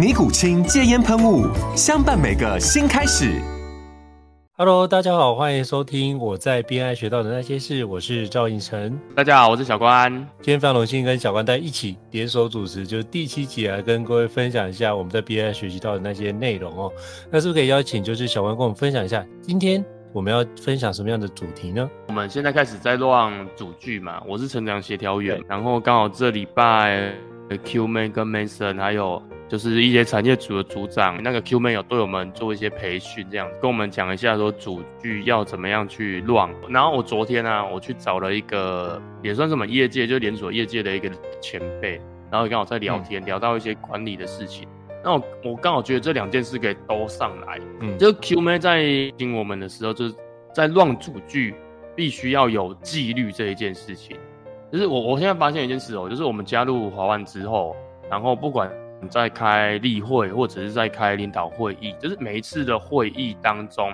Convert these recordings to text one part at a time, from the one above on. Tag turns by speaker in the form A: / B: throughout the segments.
A: 尼古清戒煙噴霧，相伴每個新開始。Hello，大家好，歡迎收聽我在 BNI 學到的那些事，我是趙胤丞。大家好，我是小關。今天非常榮幸跟小關在一起聯手主持，就是第七集來、啊、跟各位分享一下我們在 BNI 學習到的那些內容哦。那是不是可以邀請就是小關跟我們分享一下，今天我們要分享什麼樣的主題呢？
B: 我們現在開始在 Run 組聚嘛，我是成長協調員，對然後剛好這禮拜 Qman 跟 Mason 還有。就是一些產業組的組長，那個 Q 妹有對我們做一些培訓，這樣跟我們講一下說組聚要怎麼樣去 Run。然後我昨天呢、啊，我去找了一個也算什麼業界就是、連鎖業界的一個前輩，然後剛好在聊天、嗯、聊到一些管理的事情。那我我剛好覺得這兩件事可以都上來。嗯，就 Q 妹在聽我們的時候，就是在 Run 組聚必須要有紀律這一件事情。就是我我現在發現一件事哦、喔，就是我們加入華萬之後，然後不管。在開例會，或者是在開領導會議，就是每一次的會議當中，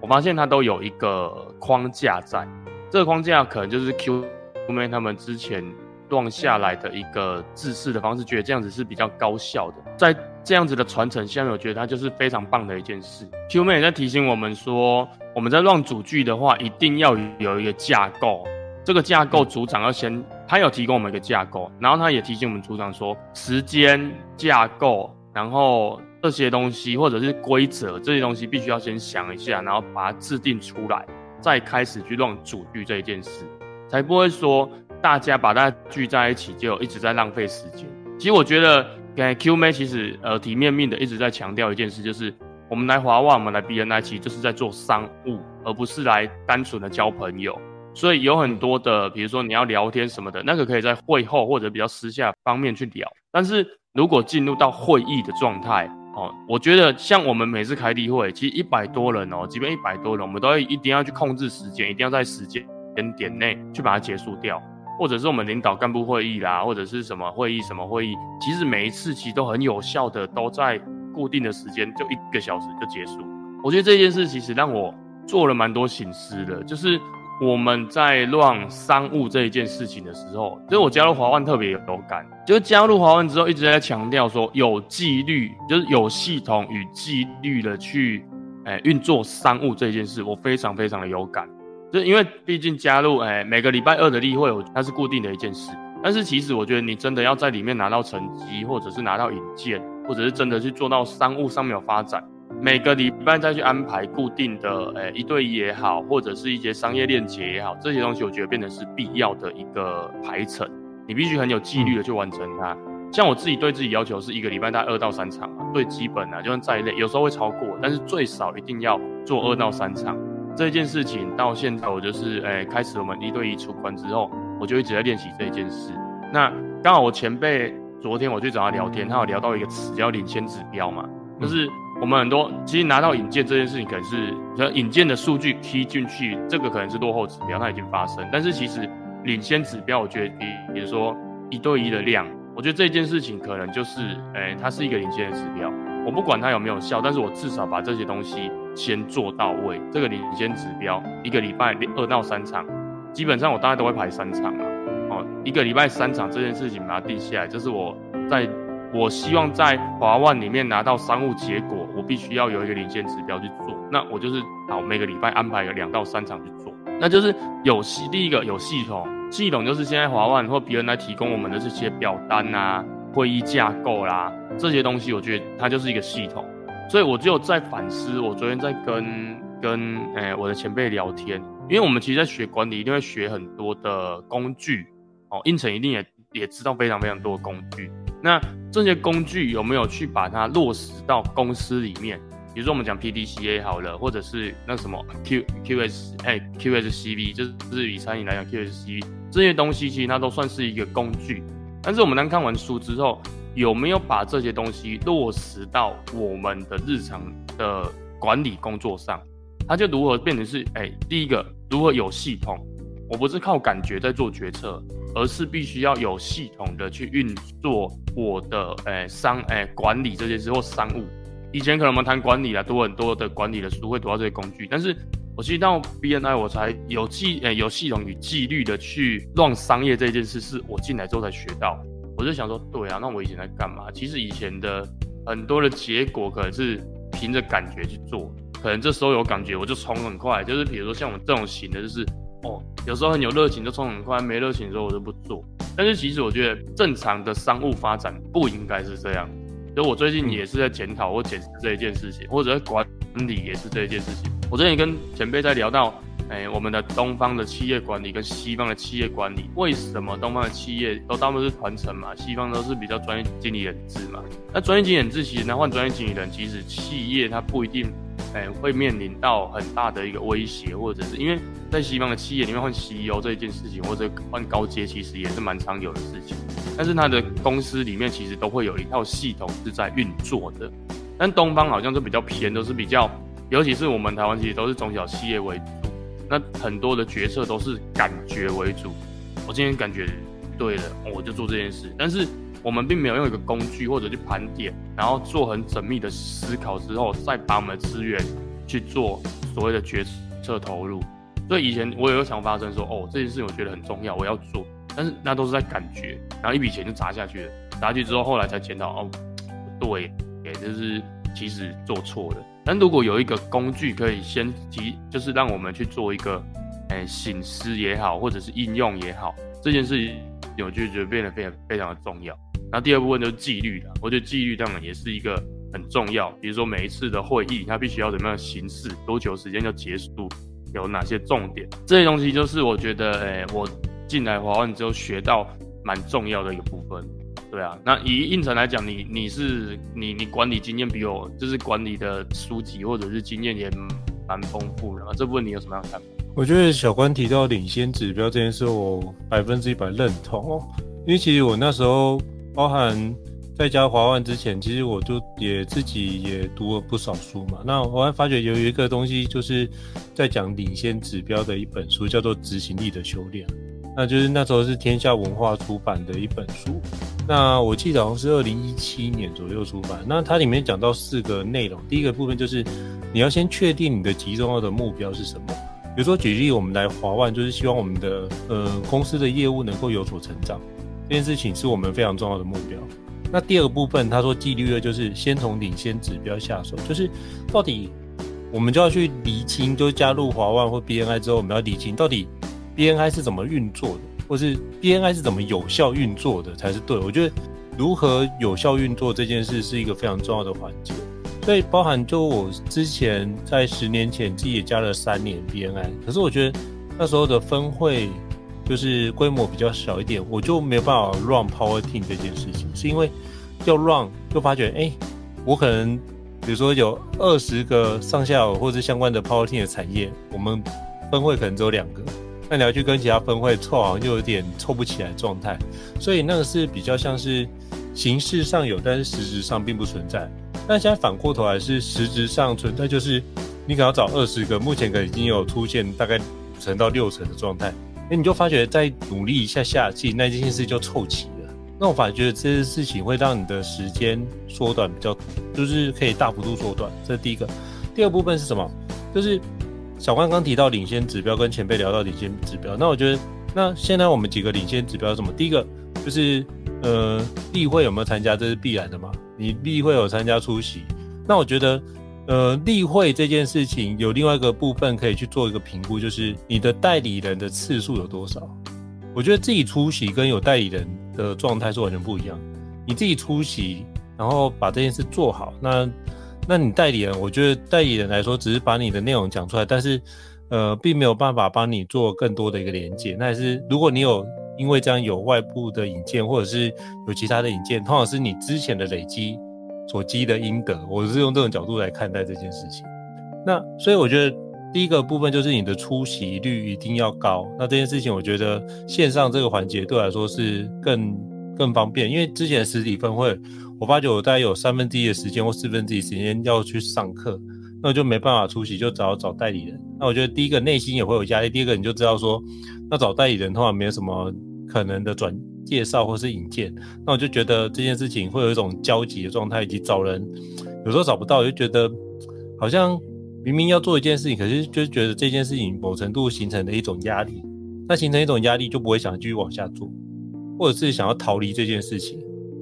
B: 我發現它都有一個框架在。這個框架可能就是 Q m a 他們之前斷下來的一個制式的方式，覺得這樣子是比較高效的。在這樣子的傳承下面，我覺得它就是非常棒的一件事。Q m a 也在提醒我們說，我們在 Run 組聚的話，一定要有一個架構。這個架構組長要先。他有提供我們一個架構，然後他也提醒我們組長說，時間架構，然後這些東西或者是規則這些東西，必須要先想一下，然後把它制定出來，再開始去弄組聚這一件事，才不會說大家把它聚在一起就一直在浪費時間。其實我覺得，剛才 Q 妹其實耳提面命的一直在強調一件事，就是我們來華望，我們來 B N I 其實，就是在做商務，而不是來單純的交朋友。所以有很多的，比如說你要聊天什麼的，那個可以在會後或者比較私下方面去聊。但是如果進入到會議的狀態哦，我覺得像我們每次開例會，其實一百多人哦，即便一百多人，我們都要一定要去控制時間，一定要在時間點點內去把它結束掉。或者是我們領導幹部會議啦，或者是什麼會議什麼會議，其實每一次其實都很有效的，都在固定的時間就一個小時就結束。我覺得這件事其實讓我做了蠻多省思的，就是。我們在 run 商務這一件事情的時候，就是我加入華萬特別有感，就是加入華萬之後一直在強調說有紀律，就是有系統與紀律的去，欸、運作商務這件事，我非常非常的有感。就因為畢竟加入哎、欸，每個禮拜二的例會，它是固定的一件事。但是其實我覺得你真的要在裡面拿到成績，或者是拿到引薦，或者是真的去做到商務上面有發展。每個禮拜再去安排固定的，誒、欸、一對一也好，或者是一些商業鏈接也好，這些東西我覺得變成是必要的一個排程，你必須很有紀律的去完成它。嗯、像我自己對自己要求是一個禮拜大概二到三場嘛，最基本的，啊，就算再累，有時候會超過，但是最少一定要做二到三場。嗯、這件事情到現在我就是，誒、欸，開始我們一對一出關之後，我就一直在練習這件事。那剛好我前輩昨天我去找他聊天，他有聊到一個詞叫領先指標嘛，就是。嗯我們很多其實拿到引薦這件事情，可能是說引薦的數據踢進去，這個可能是落後指標，它已經發生。但是其實領先指標，我覺得比比如說一對一的量，我覺得這件事情可能就是，誒、欸，它是一個領先的指標。我不管它有沒有效，但是我至少把這些東西先做到位。這個領先指標，一個禮拜二到三場，基本上我大概都會排三場啊。哦，一個禮拜三場這件事情把它定下來，這是我在。我希望在華萬裡面拿到商務結果，我必須要有一個領先指標去做。那我就是好，每個禮拜安排個兩到三場去做。那就是有第一個有系統，系統就是現在華萬或別人來提供我們的這些表單啊、會議架構啦、啊、這些東西，我覺得它就是一個系統。所以我只有在反思，我昨天在跟跟誒、欸、我的前輩聊天，因為我們其實，在學管理，一定會學很多的工具。哦，胤丞一定也也知道非常非常多的工具。那這些工具有沒有去把它落實到公司裡面？比如說我們講 P D C A 好了，或者是那什麼 Q Q S、欸、Q S C V，就是以餐飲來講 Q S C V 這些東西其實它都算是一個工具。但是我們當看完書之後，有沒有把這些東西落實到我們的日常的管理工作上？它就如何變成是哎、欸、第一個如何有系統？我不是靠感覺在做決策。而是必須要有系統的去運作我的誒、欸、商誒、欸、管理這件事或商務。以前可能我們談管理啦，讀很多的管理的書，會讀到這些工具。但是我其實到 B N I 我才有記，誒、欸、有系統與紀律的去 run 商業這件事，是我進來之後才學到。我就想說，對啊，那我以前在幹嘛？其實以前的很多的結果可能是憑着感覺去做，可能這時候有感覺我就衝很快，就是比如說像我們這種型的，就是。哦，有時候很有熱情就衝很快，沒熱情的時候我就不做。但是其實我覺得正常的商務發展不應該是這樣，所以我最近也是在檢討或檢視這一件事情，嗯、或者管理也是這一件事情。我之前也跟前輩在聊到，哎、欸，我們的東方的企業管理跟西方的企業管理，為什麼東方的企業都大部分是傳承嘛，西方都是比較專業經理人制嘛？那專業經理人制其實，那換專業經理人，其實企業它不一定。哎，會面臨到很大的一個威脅，或者是因為在西方的企業裡面換 CEO 這一件事情，或者換高階，其實也是蠻常有的事情。但是他的公司裡面其實都會有一套系統是在運作的。但東方好像就比較偏，都是比較，尤其是我們台灣其實都是中小企業為主，那很多的決策都是感覺為主。我今天感覺對了，我就做這件事。但是，我們並沒有用一個工具，或者去盤點，然後做很縝密的思考之後，再把我們的資源去做所謂的決策投入。所以以前我也有常發生說，哦，這件事情我覺得很重要，我要做。但是那都是在感覺，然後一筆錢就砸下去了，砸下去之後，後來才檢討，哦，不對，也就是其實做錯了。但如果有一個工具可以先提，就是讓我們去做一個，哎，省思也好，或者是應用也好，這件事情，我就覺得變得非常非常的重要。那第二部分就是紀律了，我覺得紀律當然也是一個很重要。比如說每一次的會議，它必須要怎麼樣形式，多久時間就結束，有哪些重點，這些東西就是我覺得，哎、欸，我進來華潤之後學到蠻重要的一個部分。對啊，那以胤丞來講，你你是你你管理經驗比我就是管理的書籍或者是經驗也蠻豐富的啊，這部分你有什麼樣的看法？
A: 我覺得小關提到領先指標這件事我100，我百分之一百認同哦，因為其實我那時候。包含在加華萬之前，其實我就也自己也讀了不少書嘛。那我還發覺有一個東西，就是在講領先指標的一本書，叫做《執行力的修練》。那就是那時候是天下文化出版的一本書。那我記得好像是二零一七年左右出版。那它裡面講到四個內容，第一個部分就是你要先確定你的最重要的目標是什麼。比如說舉例，我們來華萬就是希望我們的呃公司的業務能夠有所成長。這件事情是我們非常重要的目標。那第二個部分，他說紀律的就是先從領先指標下手，就是到底我們就要去釐清，就加入華萬或 BNI 之後，我們要釐清到底 BNI 是怎麼運作的，或是 BNI 是怎麼有效運作的才是對。我覺得如何有效運作這件事是一個非常重要的環節。所以包含就我之前在十年前自己也加了三年 BNI，可是我覺得那時候的分會，就是規模比較小一點，我就沒有辦法 run power team 這件事情，是因為要 run 就發覺，哎、欸，我可能比如說有二十個上下游或者相關的 power team 的產業，我們分會可能只有兩個，那你要去跟其他分會湊，好像又有點湊不起來狀態，所以那個是比較像是形式上有，但是實質上並不存在。那現在反過頭來是實質上存在，就是你可能要找二十個，目前可能已經有出現大概五成到六成的狀態。哎，欸，你就發覺再努力一下、下、下去，那件事情就湊齊了。那我反而覺得這些事情會讓你的時間縮短比較，就是可以大幅度縮短。這是第一個，第二部分是什麼？就是小關剛，剛提到領先指標，跟前輩聊到領先指標。那我覺得，那現在我們幾個領先指標是什麼？第一個就是呃，例會有沒有參加，這是必然的嘛。你例會有參加出席，那我覺得。呃，例會這件事情有另外一個部分可以去做一個評估，就是你的代理人的次數有多少。我覺得自己出席跟有代理人的狀態是完全不一樣。你自己出席，然後把這件事做好，那那你代理人，我覺得代理人來說只是把你的內容講出來，但是呃，並沒有辦法幫你做更多的一個連接。那還是，如果你有因為這樣有外部的引薦，或者是有其他的引薦，通常是你之前的累積。所積的陰德，我是用這種角度來看待這件事情。那所以我覺得第一個部分就是你的出席率一定要高。那這件事情我覺得線上這個環節對我來說是更更方便，因為之前實體分會，我發覺我大概有三分之一的時間或四分之一時間要去上課，那我就沒辦法出席，就只要找找代理人。那我覺得第一個內心也會有壓力，第二個你就知道說，那找代理人的話沒有什麼可能的轉。介紹或是引薦，那我就覺得這件事情會有一種焦急的狀態，以及找人有時候找不到，我就覺得好像明明要做一件事情，可是就是覺得這件事情某程度形成的一種壓力，那形成一種壓力就不會想繼續往下做，或者是想要逃離這件事情，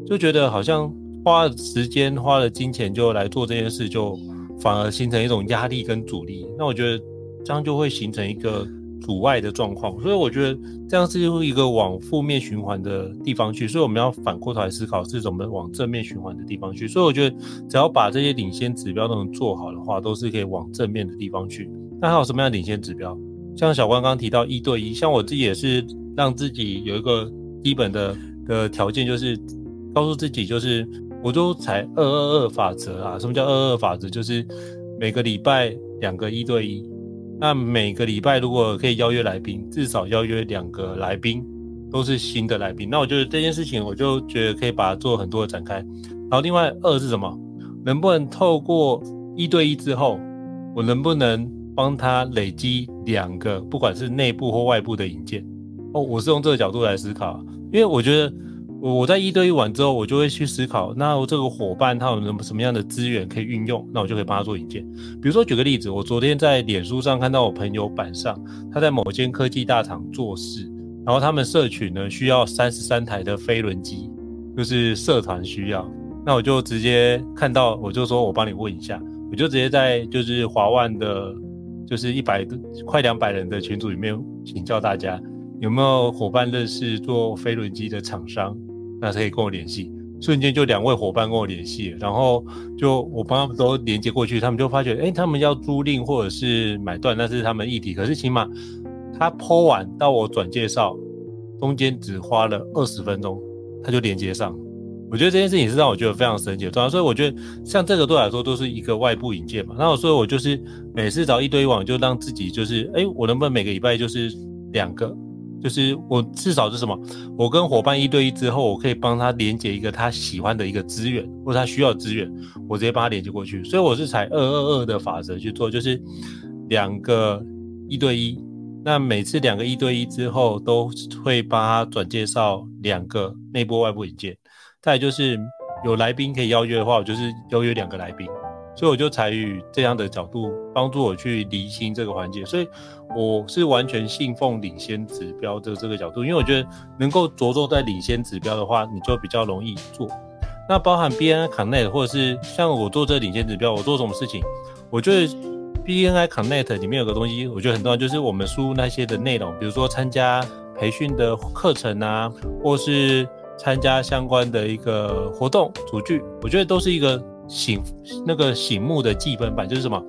A: 就覺得好像花了時間，花了金錢就來做這件事，就反而形成一種壓力跟阻力。那我覺得這樣就會形成一個阻礙的狀況，所以我覺得這樣子就是一個往負面循環的地方去，所以我們要反過頭來思考是怎麼往正面循環的地方去。所以我覺得只要把這些領先指標都能做好的話，都是可以往正面的地方去。那還有什麼樣的領先指標？像小關剛剛提到一對一，像我自己也是讓自己有一個基本的的條件，就是告訴自己，就是我都踩二二二法則啊。什麼叫二二法則？就是每個禮拜兩個一對一。那每個禮拜如果可以邀約來賓，至少邀約兩個來賓，都是新的來賓。那我覺得這件事情，我就覺得可以把它做很多的展開。然後另外二是什麼？能不能透過一對一之後，我能不能幫他累積兩個，不管是內部或外部的引薦？哦，我是用這個角度來思考，因為我覺得。我在一對一完之後，我就會去思考，那我這個夥伴他有什麼什麼樣的資源可以運用，那我就可以幫他做引薦。比如說舉個例子，我昨天在臉書上看到我朋友板上，他在某間科技大廠做事，然後他們社群呢需要三十三台的飛輪機，就是社團需要，那我就直接看到我就說我幫你問一下，我就直接在就是華萬的，就是一百多快兩百人的群組裡面請教大家，有沒有夥伴認識做飛輪機的廠商？那是可以跟我聯繫，瞬間就兩位夥伴跟我聯繫，然後就我幫他們都連接過去，他們就發覺，哎、欸，他們要租賃或者是買斷，那是他們議題。可是起碼他 PO 完到我轉介紹，中間只花了二十分鐘，他就連接上。我覺得這件事情是讓我覺得非常神奇。的，主要所以我覺得像這個對我來說都是一個外部引薦嘛。那我所以，我就是每次找一堆網，就讓自己就是，哎、欸，我能不能每個禮拜就是兩個？就是我至少是什麼？我跟夥伴一對一之後，我可以幫他連接一個他喜歡的一個資源，或者他需要資源，我直接幫他連接過去。所以我是採二二二的法則去做，就是兩個一對一，那每次兩個一對一之後，都會幫他轉介紹兩個內部外部引薦。再來就是有來賓可以邀約的話，我就是邀約兩個來賓。所以我就採取這樣的角度幫助我去理清這個環節，所以。我是完全信奉領先指標的這個角度，因為我覺得能夠着重在領先指標的話，你就比較容易做。那包含 BNI Connect 或者是像我做這領先指標，我做什麼事情，我覺得 BNI Connect 裡面有個東西，我覺得很重要，就是我們輸入那些的內容，比如說參加培訓的課程啊，或是參加相關的一個活動組聚，我覺得都是一個醒那個醒目的積分板，就是什麼，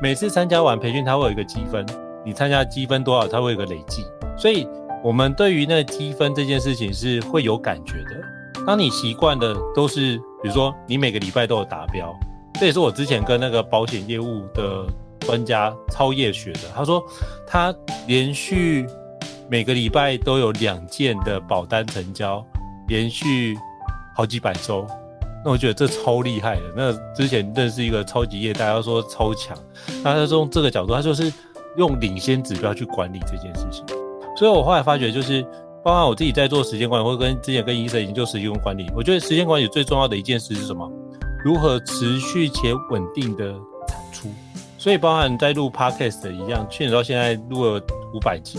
A: 每次參加完培訓，它會有一個積分。你參加積分多少，它會有個累計，所以我們對於那積分這件事情是會有感覺的。當你習慣的都是，比如說你每個禮拜都有達標，這也是我之前跟那個保險業務的專家超業學的。他說他連續每個禮拜都有兩件的保單成交，連續好幾百周，那我覺得這超厲害的。那之前認識一個超級業大家都說超強，那他從這個角度，他就是。用領先指標去管理這件事情，所以我後來發覺，就是包含我自己在做時間管理，或者跟之前跟醫生研究時間管理，我覺得時間管理最重要的一件事是什麼？如何持續且穩定的產出？所以包含在錄 podcast 一樣，去年到現在錄了五百集。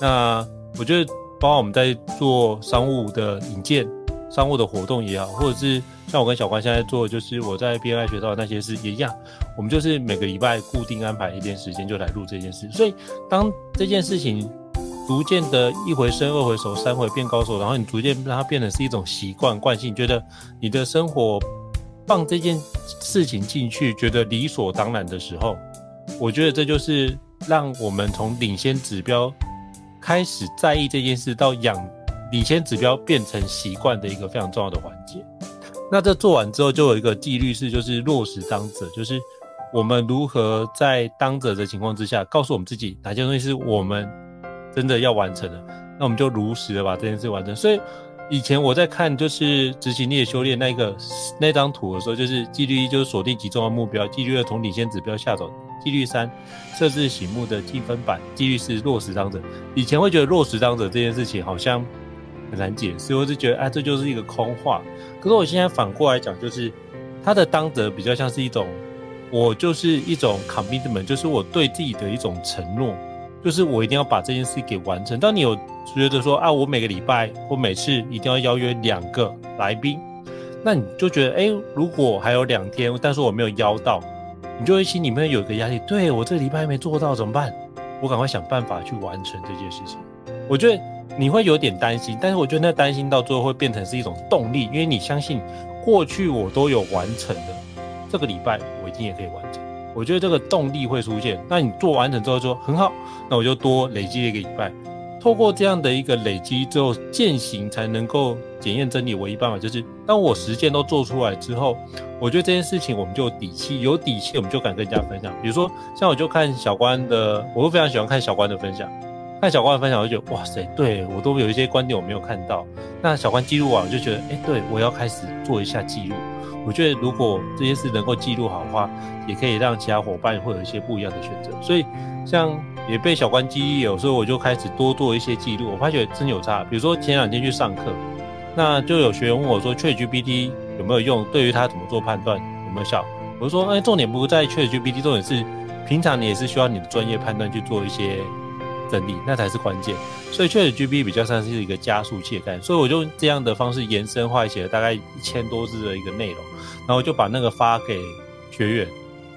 A: 那我覺得，包含我們在做商務的引薦、商務的活動也好，或者是。像我跟小關現在做的，就是我在 BNI 學到的那些事也一樣，我們就是每個禮拜固定安排一點時間就來錄這件事。所以，當這件事情逐漸的一回生、二回熟、三回變高手，然後你逐漸讓它變得是一種習慣、慣性，覺得你的生活放這件事情進去，覺得理所當然的時候，我覺得這就是讓我們從領先指標開始在意這件事，到養領先指標變成習慣的一個非常重要的環節。那這做完之後，就有一個紀律是，就是落實當責。就是我們如何在當責的情況之下，告訴我們自己哪些東西是我們真的要完成的，那我們就如實的把這件事完成。所以以前我在看就是執行力的修煉那個那張圖的時候，就是紀律一就是鎖定集中的目標，紀律二從領先指標下手，紀律三設置醒目的計分板，紀律四落實當責。以前會覺得落實當責這件事情好像。很難解，所以我就覺得，哎、啊，這就是一個空話。可是我現在反過來講，就是他的當得比較像是一種，我就是一種 commitment，就是我對自己的一種承諾，就是我一定要把這件事給完成。當你有覺得說，啊，我每個禮拜或每次一定要邀約兩個來賓，那你就覺得，哎、欸，如果還有兩天，但是我沒有邀到，你就會心裡面有一個壓力，對，我這禮拜沒做到怎麼辦？我趕快想辦法去完成這件事情。我覺得。你會有點擔心，但是我覺得那擔心到最後會變成是一種動力，因為你相信過去我都有完成的，這個禮拜我一定也可以完成，我覺得這個動力會出現。那你做完成之後說很好，那我就多累積一個禮拜，透過這樣的一個累積之後，踐行才能夠檢驗真理。唯一辦法就是當我實踐都做出來之後，我覺得這件事情我們就有底氣，有底氣我們就敢跟人家分享。比如說像我就看小關的，我會非常喜歡看小關的分享。那小關的分享，我就覺得哇塞，對，我都有一些觀點我沒有看到。那小關記錄完，我就覺得，哎、欸，對，我要開始做一下記錄。我覺得如果這些事能夠記錄好的話，也可以讓其他夥伴會有一些不一樣的選擇。所以，像也被小關記憶，有時候我就開始多做一些記錄。我發覺真有差，比如說前兩天去上課，那就有學員問我說，ChatGPT 有沒有用？對於他怎麼做判斷，有沒有效？我就說，哎、欸，重點不在 ChatGPT，重點是平常你也是需要你的專業判斷去做一些整理，那才是關鍵。所以確實，GB 比較像是一個加速器，但所以我就這樣的方式延伸化寫了大概一千多字的一個內容，然後就把那個發給學員，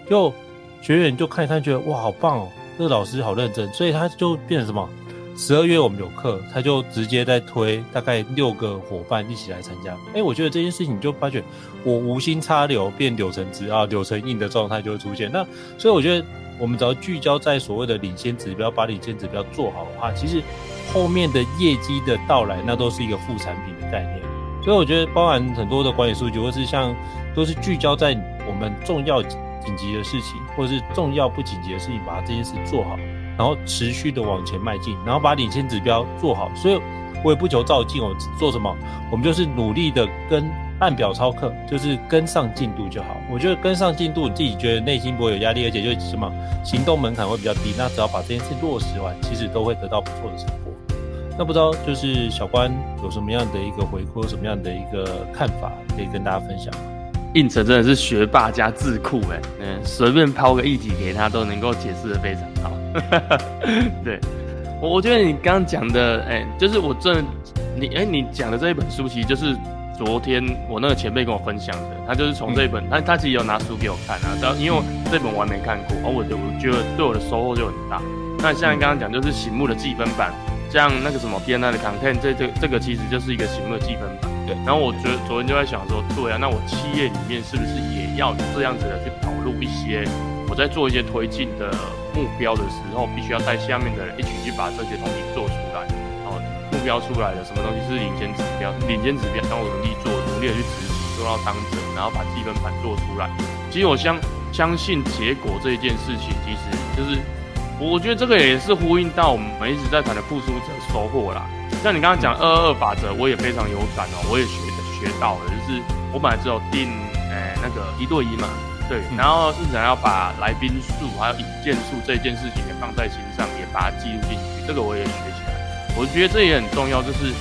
A: 就學員就看一看，他覺得哇，好棒哦，這個老師好認真，所以他就變成什麼？十二月我們有課，他就直接在推大概六個夥伴一起來參加。誒、欸，我覺得這件事情就發覺，我無心插柳變柳成枝啊，柳成蔭的狀態就會出現。那所以我覺得。我們只要聚焦在所謂的領先指標，把領先指標做好的話，其實後面的業績的到來，那都是一個副產品的概念。所以我覺得包含很多的管理數據，或是像都是聚焦在我們重要緊急的事情，或者是重要不緊急的事情，把這件事做好，然後持續的往前邁進，然後把領先指標做好。所以我也不求照進，我做什麼，我們就是努力的跟。按表操課，就是跟上進度就好。我覺得跟上進度，你自己覺得內心不會有壓力，而且就什麼行動門檻會比較低。那只要把這件事落實完，其實都會得到不錯的成果。那不知道就是小關有什麼樣的一個回顧，有什麼樣的
B: 一個看法可以跟大家分享嗎？胤丞真的是學霸加智庫，哎，嗯，隨便拋個議題給他，都能夠解釋得非常好。 對，我我覺得你剛剛講的，哎、欸，就是我真的你哎，你講、欸、的這一本書其實就是。昨天我那個前輩跟我分享的，他就是從這一本，嗯、他他自己有拿書給我看啊，然後因為我這本我還沒看過，而我就覺得對我的收穫就很大。那像你剛剛講，就是醒目的記分板，像那個什麼 B N I 的 content，這這個、這個其實就是一個醒目的記分板。對，然後我昨對昨天就在想說，對啊，那我企業裡面是不是也要這樣子的去導入一些，我在做一些推進的目標的時候，必須要帶下面的人一起去把這些東西做出來。目標出來的什麼東西是領先指標，領先指標，然後努力做，努力的去執行做到當者，然後把基本盤做出來。其實我相相信結果這一件事情，其實就是我覺得這個也是呼應到我們一直在談的付出者收穫啦。像你剛剛講二二二法則，我也非常有感哦、喔，我也學學到了，就是我本來只有定誒、欸、那個一對一嘛，對，然後日常要把來賓數還有引薦數這一件事情也放在心上，也把它記錄進去，這個我也學。我覺得這也很重要，就是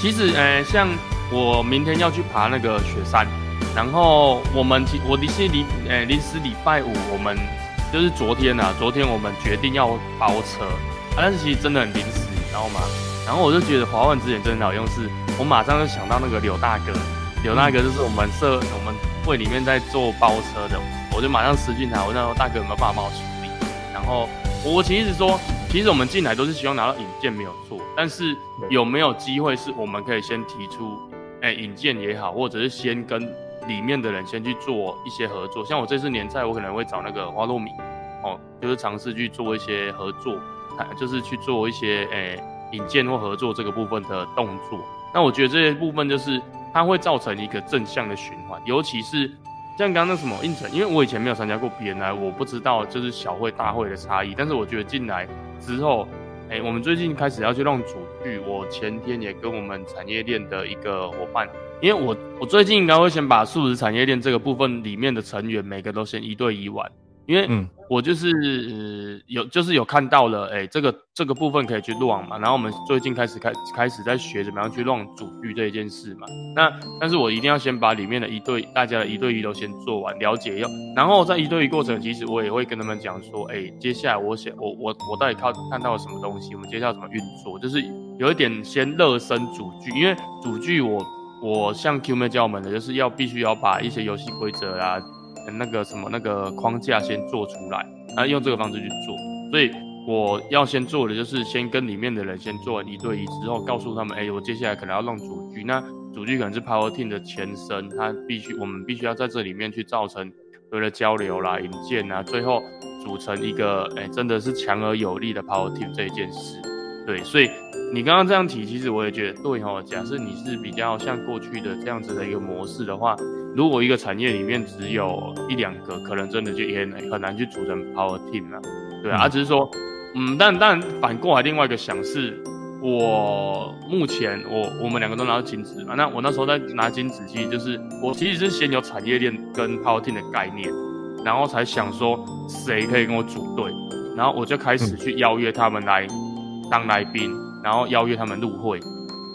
B: 其實，呃、欸，像我明天要去爬那個雪山，然後我們其實我的一禮，呃、欸，臨時禮拜五，我們就是昨天吶、啊，昨天我們決定要包車，啊、但是其實真的很臨時，知道嗎？然後我就覺得華文資源真的好用，是我馬上就想到那個柳大哥，柳大哥就是我們社，嗯、我們會裡面在做包車的，我就馬上私訊他，我問說，大哥有沒有辦法幫我處理？然後我，我其實說。其實我們進來都是希望拿到引薦沒有錯，但是有沒有機會是我們可以先提出，哎、欸、引薦也好，或者是先跟裡面的人先去做一些合作。像我這次年菜，我可能會找那個花糯米，哦，就是嘗試去做一些合作，就是去做一些哎、欸、引薦或合作這個部分的動作。那我覺得這些部分就是它會造成一個正向的循環，尤其是。像剛剛那什麼胤丞，因為我以前沒有參加過 BNI，我不知道就是小會大會的差異。但是我覺得進來之後，哎、欸，我們最近開始要去 Run 組聚。我前天也跟我們產業鏈的一個夥伴，因為我我最近應該會先把數字產業鏈這個部分裡面的成員每個都先一對一玩。因為我就是、嗯呃、有，就是有看到了，哎、欸，這個這個部分可以去弄嘛。然後我們最近開始開開始在學怎麼樣去弄組聚這一件事嘛。那但是我一定要先把裡面的一對大家的一對一都先做完，了解要。然後在一對一過程，其實我也會跟他們講說，哎、欸，接下來我想我我我到底看看到了什麼東西？我們接下來怎麼運作？就是有一點先熱身組聚，因為組聚我我像 Q 妹教我們的，就是要必須要把一些遊戲規則啊。嗯、那個什麼那個框架先做出來，然、啊、後用這個方式去做。所以我要先做的就是先跟裡面的人先做完一對一，之後告訴他們，哎、欸，我接下來可能要弄組聚。那組聚可能是 Power Team 的前身，它必須我們必須要在這裡面去造成為了交流啦、引薦吶、啊，最後組成一個哎、欸、真的是強而有力的 Power Team 這一件事。對，所以你剛剛這樣提，其實我也覺得對哈、哦。假設你是比較像過去的這樣子的一個模式的話。如果一個產業裡面只有一兩個，可能真的就也很難很難去組成 Power Team 了，對啊，嗯、只是說，嗯，但但反過來，另外一個想是，我目前我我們兩個都拿到金子嘛，那我那時候在拿金子期，就是我其實是先有產業鏈跟 Power Team 的概念，然後才想說誰可以跟我組隊，然後我就開始去邀約他們來當來賓，然後邀約他們入會。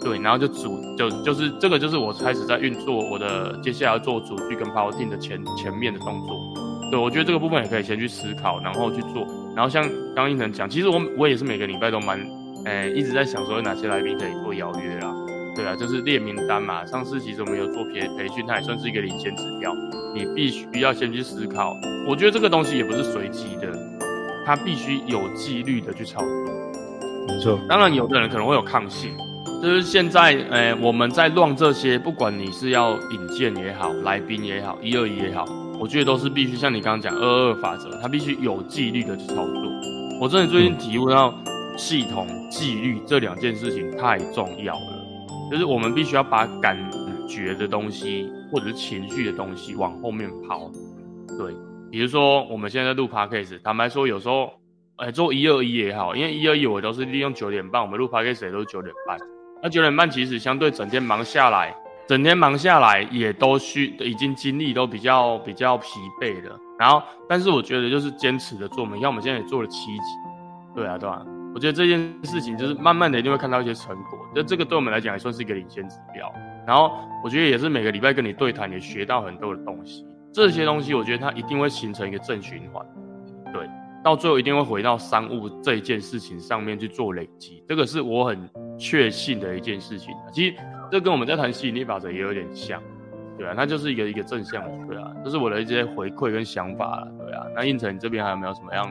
B: 對，然後就組就就是這個，就是我開始在運作我的接下來要做組聚跟 PowerTeam 的前前面的動作。對，我覺得這個部分也可以先去思考，然後去做。然後像剛剛胤丞講，其實我我也是每個禮拜都蠻誒、呃、一直在想說有哪些來賓可以做邀約啊。對啊，就是列名單嘛。上次其實我們有做培培訓，它也算是一個領先指標。你必須要先去思考，我覺得這個東西也不是隨機的，它必須有紀律的去操作。
A: 沒錯，
B: 當然有的人可能會有抗性。就是現在，誒、欸，我們在亂這些，不管你是要引薦也好，來賓也好，一二一也好，我覺得都是必須。像你剛剛講二二法則，它必須有紀律的去操作。我真的最近體會到系統紀律這兩件事情太重要了。就是我們必須要把感覺的東西或者是情緒的東西往後面拋。對，比如說我們現在，在錄 Podcast，坦白說，有時候，誒、欸，做一二一也好，因為一二一我都是利用九點半，我們錄 Podcast 也都是九點半。那九點半其實相對整天忙下來，整天忙下來也都需已經精力都比較比較疲憊了。然後，但是我覺得就是堅持的做嘛，你看我們現在也做了七集，對啊對啊。我覺得這件事情就是慢慢的一定會看到一些成果。那這個對我們來講也算是一個領先指標。然後我覺得也是每個禮拜跟你對談，也學到很多的東西，這些東西我覺得它一定會形成一個正循環。到最後一定會回到商務這一件事情上面去做累積，這個是我很確信的一件事情。其實這跟我們在談吸引力法則也有點像，對吧、啊？那就是一個一個正向，對啊，這、就是我的一些回饋跟想法，對啊。那胤丞你這邊還有沒有什麼樣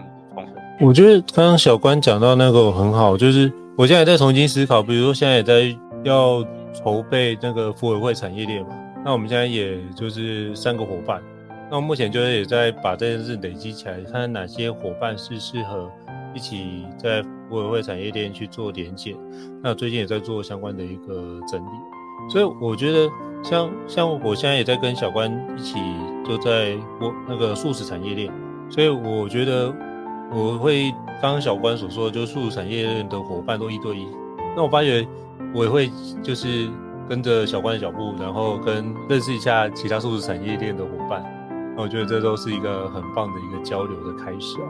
B: 的？
A: 我覺得剛剛小關講到那個很好，就是我現在也在重新思考，比如說現在也在要籌備那個富和會產業鏈嘛，那我們現在也就是三個伙伴。那我目前就是也在把這件事累積起來，看哪些夥伴是適合一起在組委會產業鏈去做連結。那最近也在做相關的一個整理，所以我覺得像像我現在也在跟小關一起就在我那個素食產業鏈，所以我覺得我會剛剛小關所說，就素食產業鏈的夥伴都一對一。
B: 那我發覺
A: 我也會就是跟着小關的腳步，然後跟認識一下其他素食產業鏈的夥伴。我覺得這都是一個很棒的一個交流的開始啊。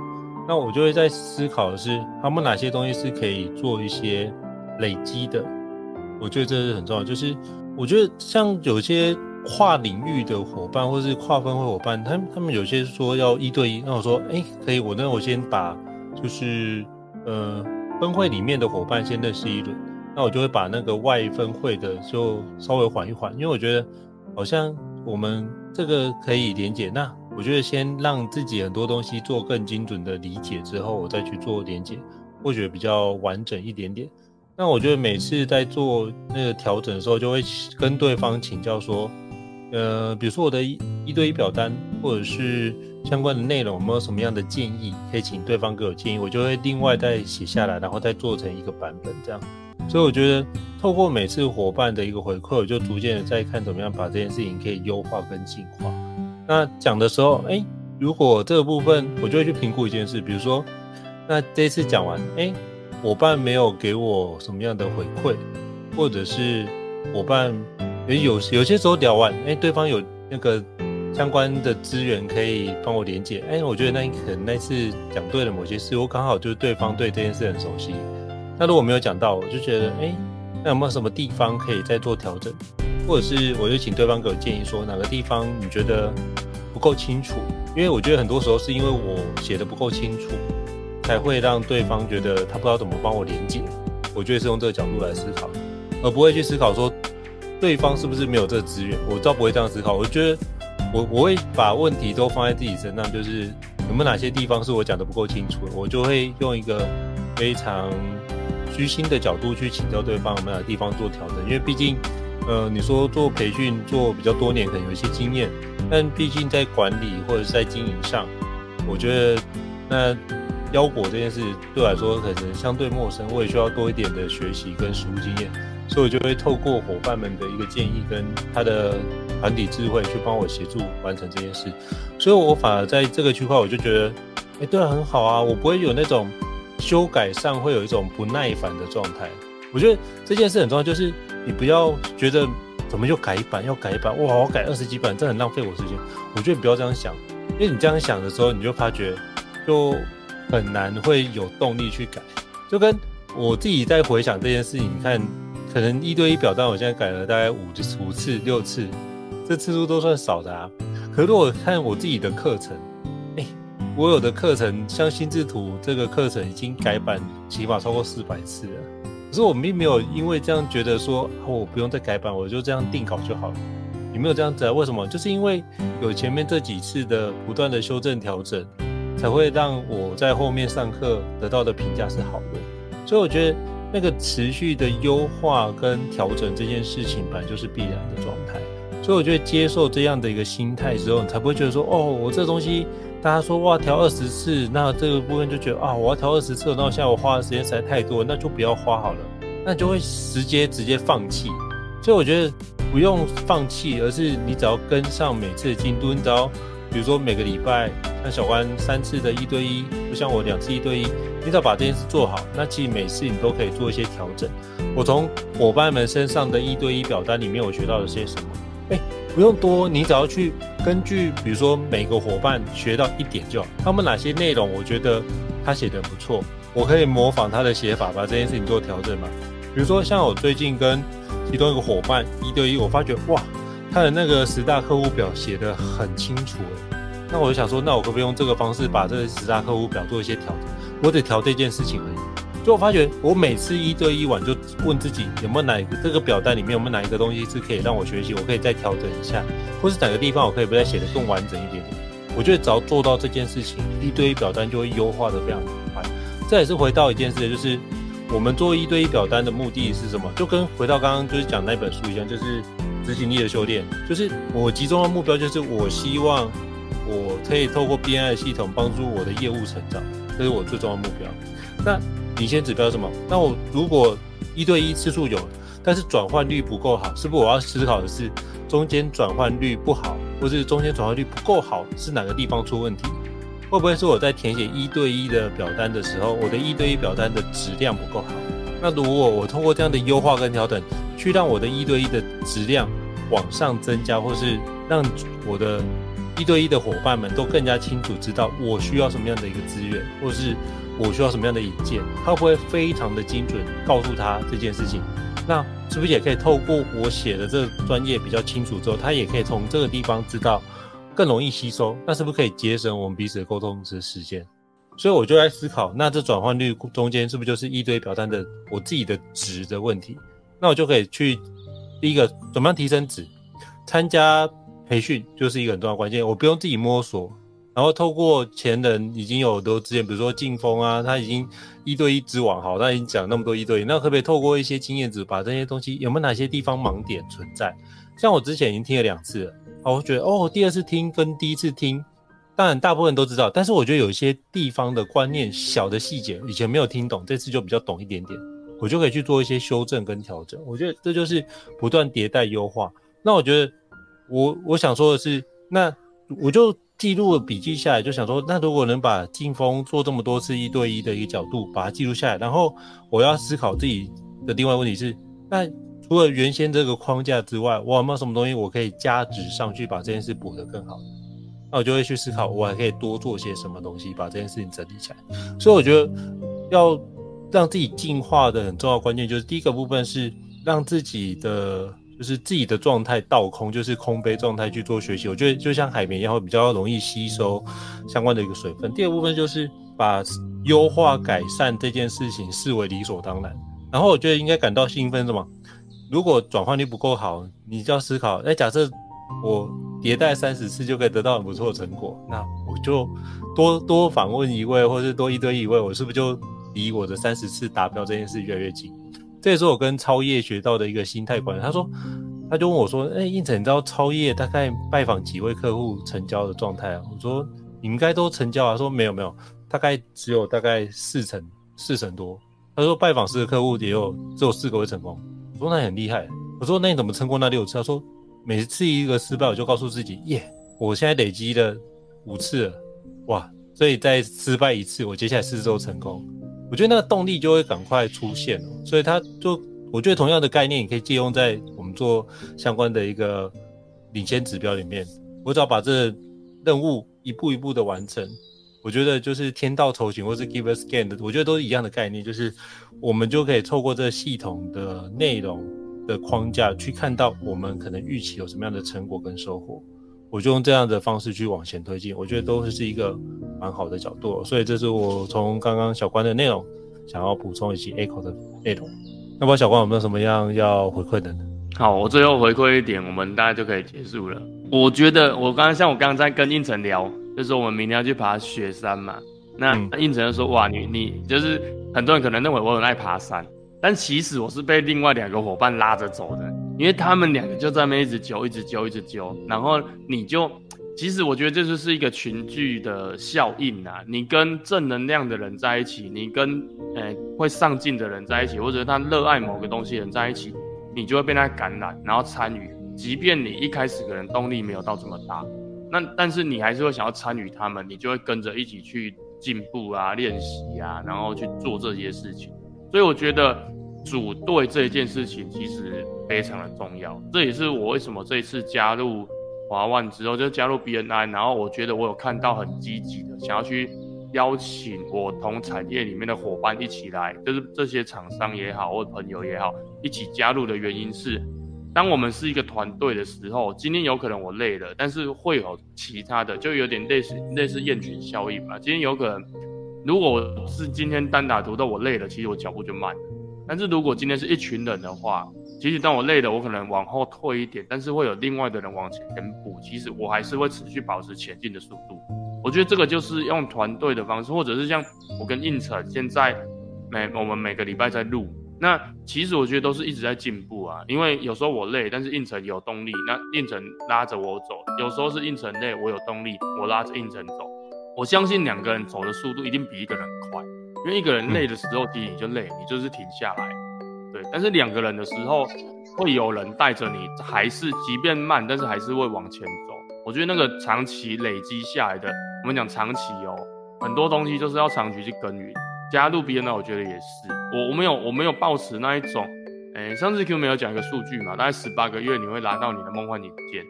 A: 那我就會在思考的是，他們哪些東西是可以做一些累積的？我覺得這是很重要。就是我覺得像有些跨領域的伙伴，或是跨分會伙伴，他們他們有些說要一對一，那我說，誒，可以，我那我先把就是呃分會裡面的伙伴先認識一輪，那我就會把那個外分會的就稍微緩一緩，因為我覺得好像我們。這個可以連結，那我覺得先讓自己很多東西做更精準的理解之後，我再去做連結，或許比較完整一點點。那我覺得每次在做那個調整的時候，就會跟對方請教說，呃，比如說我的一對一表單或者是相關的內容，有沒有什麼樣的建議，可以請對方給我建議，我就會另外再寫下來，然後再做成一個版本這樣。所以我覺得，透過每次夥伴的一個回饋，我就逐漸的在看怎麼樣把這件事情可以優化跟進化。那講的時候，哎，如果這個部分，我就會去評估一件事，比如說，那這次講完，哎，夥伴沒有給我什麼樣的回饋，或者是夥伴有，有有些時候聊完，哎，對方有那個相關的資源可以幫我連結，哎，我覺得那可能那次講對了某些事，我剛好就是對方對這件事很熟悉。那如果沒有講到，我就覺得，誒、欸，那有沒有什麼地方可以再做調整？或者是我就請對方給我建議說，說哪個地方你覺得不夠清楚？因為我覺得很多時候是因為我寫的不夠清楚，才會讓對方覺得他不知道怎麼幫我連接。我覺得是用這個角度來思考，而不會去思考說對方是不是沒有這個資源。我倒不會這樣思考。我覺得我我會把問題都放在自己身上，就是有沒有哪些地方是我講的不夠清楚的，我就會用一個非常。居心的角度去請教對方，有沒有地方做調整，因為畢竟，呃，你說做培訓做比較多年，可能有一些經驗，但畢竟在管理或者是在經營上，我覺得那腰果這件事對我來說可能相對陌生，我也需要多一點的學習跟實務經驗，所以我就會透過夥伴們的一個建議跟他的團體智慧去幫我協助完成這件事，所以我反而在這個區塊，我就覺得，哎、欸，對、啊，很好啊，我不會有那種。修改上會有一種不耐煩的狀態，我覺得這件事很重要，就是你不要覺得怎麼又改一版，又改一版，哇，我改二十幾版，這很浪費我時間。我覺得你不要這樣想，因為你這樣想的時候，你就發覺就很難會有動力去改。就跟我自己在回想這件事情，你看，可能一對一表單我現在改了大概五五次、六次，這次數都算少的啊。可是如果看我自己的課程。我有的課程，像心智圖這個課程已經改版起碼超過四百次了，可是我並沒有因為這樣覺得說，哦，我不用再改版，我就這樣定稿就好了，也沒有這樣子啊。為什麼？就是因為有前面這幾次的不斷的修正調整，才會讓我在後面上課得到的評價是好的，所以我覺得那個持續的優化跟調整這件事情本來就是必然的狀態，所以我覺得接受這樣的一個心態之後，你才不會覺得說哦，我這東西。大家說，哇，調二十次，那這個部分就覺得啊，我要調二十次，那現在我花的時間實在太多，那就不要花好了，那就會直接直接放棄。所以我覺得不用放棄，而是你只要跟上每次的進度，你只要比如說每個禮拜像小關三次的一對一，不像我兩次一對一，你只要把這件事做好，那其實每次你都可以做一些調整。我從夥伴們身上的一對一表單裡面，我學到了些什麼？欸不用多，你只要去根據，比如說每個夥伴學到一點就好。他們哪些內容，我覺得他寫的不錯，我可以模仿他的寫法，把這件事情做調整嘛。比如說像我最近跟其中一個夥伴一對一，我發覺哇，他的那個十大客戶表寫的很清楚哎、欸，那我就想說，那我可不可以用這個方式把這個十大客戶表做一些調整，我得調這件事情而已。就我發覺，我每次一對一完就問自己，有沒有哪一個這個表單裡面有沒有哪一個東西是可以讓我學習，我可以再調整一下，或是哪個地方我可以不再寫得更完整一點點。我覺得只要做到這件事情，一對一表單就會優化得非常的快。這也是回到一件事情，就是我們做一對一表單的目的是什麼？就跟回到剛剛就是講那本書一樣，就是執行力的修煉。就是我集中的目標，就是我希望我可以透過 BNI 系統幫助我的業務成長，這是我最重要的目標。那。領先指標是什麼？那我如果一對一次數有，但是轉換率不夠好，是不是我要思考的是中間轉換率不好，或是中間轉換率不夠好，是哪個地方出問題？會不會是我在填寫一對一的表單的時候，我的一對一表單的質量不夠好？那如果我通過這樣的優化跟調整，去讓我的一對一的質量往上增加，或是讓我的一對一的夥伴們都更加清楚知道我需要什麼樣的一個資源，或是？我需要什麼樣的引薦？他會非常的精準告訴他這件事情。那是不是也可以透過我寫的這個專業比較清楚之後，他也可以從這個地方知道，更容易吸收？那是不是可以節省我們彼此的溝通的時間？所以我就在思考，那這轉換率中間是不是就是一堆表單的我自己的值的問題？那我就可以去第一個怎麼樣提升值？參加培訓就是一個很重要的關鍵，我不用自己摸索。然後透過前人已經有的資源，比如說靜風啊，他已經一對一之網好，他已經講了那麼多一對一，那可不可以透過一些經驗值把這些東西有沒有哪些地方盲點存在？像我之前已經聽了兩次了，我覺得哦，第二次聽跟第一次聽，當然大部分都知道，但是我覺得有一些地方的觀念、小的細節以前沒有聽懂，這次就比較懂一點點，我就可以去做一些修正跟調整。我覺得這就是不斷迭代優化。那我覺得我我想說的是那。我就記錄了筆記下來，就想說，那如果能把勁風做這麼多次一對一的一個角度，把它記錄下來，然後我要思考自己的另外問題是，那除了原先這個框架之外，我有沒有什麼東西我可以加值上去，把這件事補得更好？那我就會去思考，我還可以多做些什麼東西，把這件事情整理起來。所以我覺得要讓自己進化的很重要關鍵就是，第一個部分是讓自己的。就是自己的狀態倒空，就是空杯狀態去做學習。我覺得就像海綿一樣，會比較容易吸收相關的一個水分。第二部分就是把優化改善這件事情視為理所當然。然後我覺得應該感到興奮是嗎？如果轉換率不夠好，你就要思考：那、欸、假設我迭代三十次就可以得到很不錯的成果，那我就多多訪問一位，或是多一堆一位，我是不是就離我的三十次達標這件事越來越近？這也是我跟超業學到的一個心態觀。他說，他就問我說：“哎、欸，胤丞，你知道超業大概拜訪幾位客戶成交的狀態啊？”我說：“你應該都成交啊。”說：“沒有沒有，大概只有大概四成四成多。”他說：“拜訪四個客戶，也有只有四個會成功。”我說：“那很厲害、啊。”我說：“那你怎麼成功那六次？”他說：“每次一個失敗，我就告訴自己，耶、yeah，我現在累積了五次了，哇，所以再失敗一次，我接下來四次都成功。”我覺得那個動力就會趕快出現，所以他就，我覺得同樣的概念也可以借用在我們做相關的一個領先指標裡面。我只要把這任務一步一步的完成，我覺得就是天道酬勤，或是 Givers Gain 的，我覺得都是一樣的概念，就是我們就可以透過這系統的內容的框架去看到我們可能預期有什麼樣的成果跟收穫。我就用這樣的方式去往前推進，我覺得都是一個蠻好的角度的，所以這是我從剛剛小關的內容想要補充以及 echo 的內容。那不，小關有沒有什麼樣要回饋的呢？
B: 好，我最後回饋一點，我們大概就可以結束了。我覺得我剛剛像我剛剛在跟胤丞聊，就是我們明天要去爬雪山嘛，那胤丞說、嗯、哇你你就是很多人可能認為我很愛爬山，但其實我是被另外兩個伙伴拉着走的。因為他們兩個就在那邊一,一直揪，一直揪，一直揪，然後你就，其實我覺得這就是一個群聚的效應啊。你跟正能量的人在一起，你跟呃、欸、會上進的人在一起，或者他熱愛某個東西的人在一起，你就會被他感染，然後參與。即便你一開始可能動力沒有到這麼大，那但是你還是會想要參與他們，你就會跟着一起去進步啊，練習啊，然後去做這些事情。所以我覺得。組隊這件事情其實非常的重要，這也是我為什麼這一次加入華萬之後，就加入 BNI，然後我覺得我有看到很積極的，想要去邀請我同產業裡面的夥伴一起來，就是這些廠商也好，或者朋友也好，一起加入的原因是，當我們是一個團隊的時候，今天有可能我累了，但是會有其他的，就有點類似類似雁群效應吧，今天有可能，如果是今天單打獨鬥，我累了，其實我腳步就慢了。但是，如果今天是一群人的話，即使當我累了，我可能往後退一點，但是會有另外的人往前補。其實我還是會持續保持前進的速度。我覺得這個就是用團隊的方式，或者是像我跟胤丞現在每我們每個禮拜在錄，那其實我覺得都是一直在進步啊。因為有時候我累，但是胤丞有動力，那胤丞拉着我走；有時候是胤丞累，我有動力，我拉着胤丞走。我相信兩個人走的速度一定比一個人快。因為一個人累的時候，你就累，你就是停下來，對。但是兩個人的時候，會有人帶着你，還是即便慢，但是還是會往前走。我覺得那個長期累積下來的，我們講長期哦，很多東西就是要長期去耕耘。加入 BNI，我覺得也是。我沒我沒有我沒有抱持那一種、欸，上次 Q 沒有講一個數據嘛？大概十八個月你會拿到你的夢幻引薦。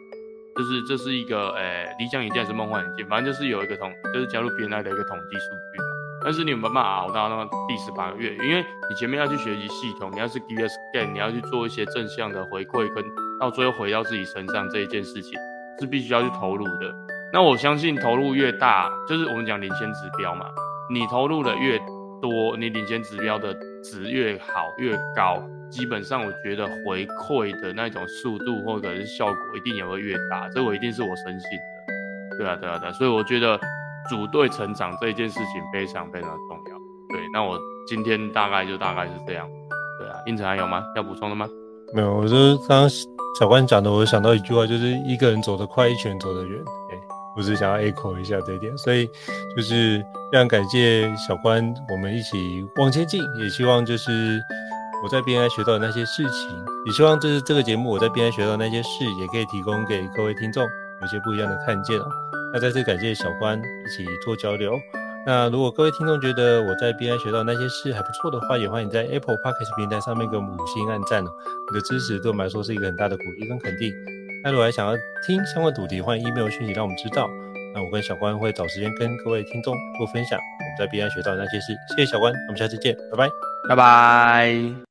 B: 就是這、就是一個，呃、欸、理想引薦還是夢幻引薦，反正就是有一個統，就是加入 BNI 的一個統計數據。但是你有沒有辦法熬到那第十八個月，因為你前面要去學習系統，你要是 Givers Gain，你要去做一些正向的回饋，跟到最後回到自己身上這一件事情是必須要去投入的。那我相信投入越大，就是我們講領先指標嘛，你投入的越多，你領先指標的值越好越高，基本上我覺得回饋的那種速度或者是效果一定也會越大，這個一定是我深信的。對啊，對啊，對啊，所以我覺得。組隊成長這件事情非常非常重要。對，那我今天大概就大概是這樣。對啊，胤丞還有嗎？要補充的嗎？
A: 沒有，我就剛剛小關講的，我想到一句話，就是一個人走得快，一群人走得遠。對，我是想要 echo 一下這一點，所以就是非常感謝小關，我們一起往前進。也希望就是我在 B N I 學到的那些事情，也希望就是這個節目我在 B N I 學到的那些事，也可以提供給各位聽眾有些不一樣的看見哦。再次感謝小關一起做交流。那如果各位聽眾覺得我在 BNI 學到那些事還不錯的話，也歡迎在 Apple Podcast 平台上面給五星按讚哦。你的支持對我們來說是一個很大的鼓勵跟肯定。那如果還想要聽相關主題的話，歡迎 email 訊息讓我們知道。那我跟小關會找時間跟各位聽眾做分享。我們在 BNI 學到那些事，謝謝小關，我們下次見，拜拜，拜拜。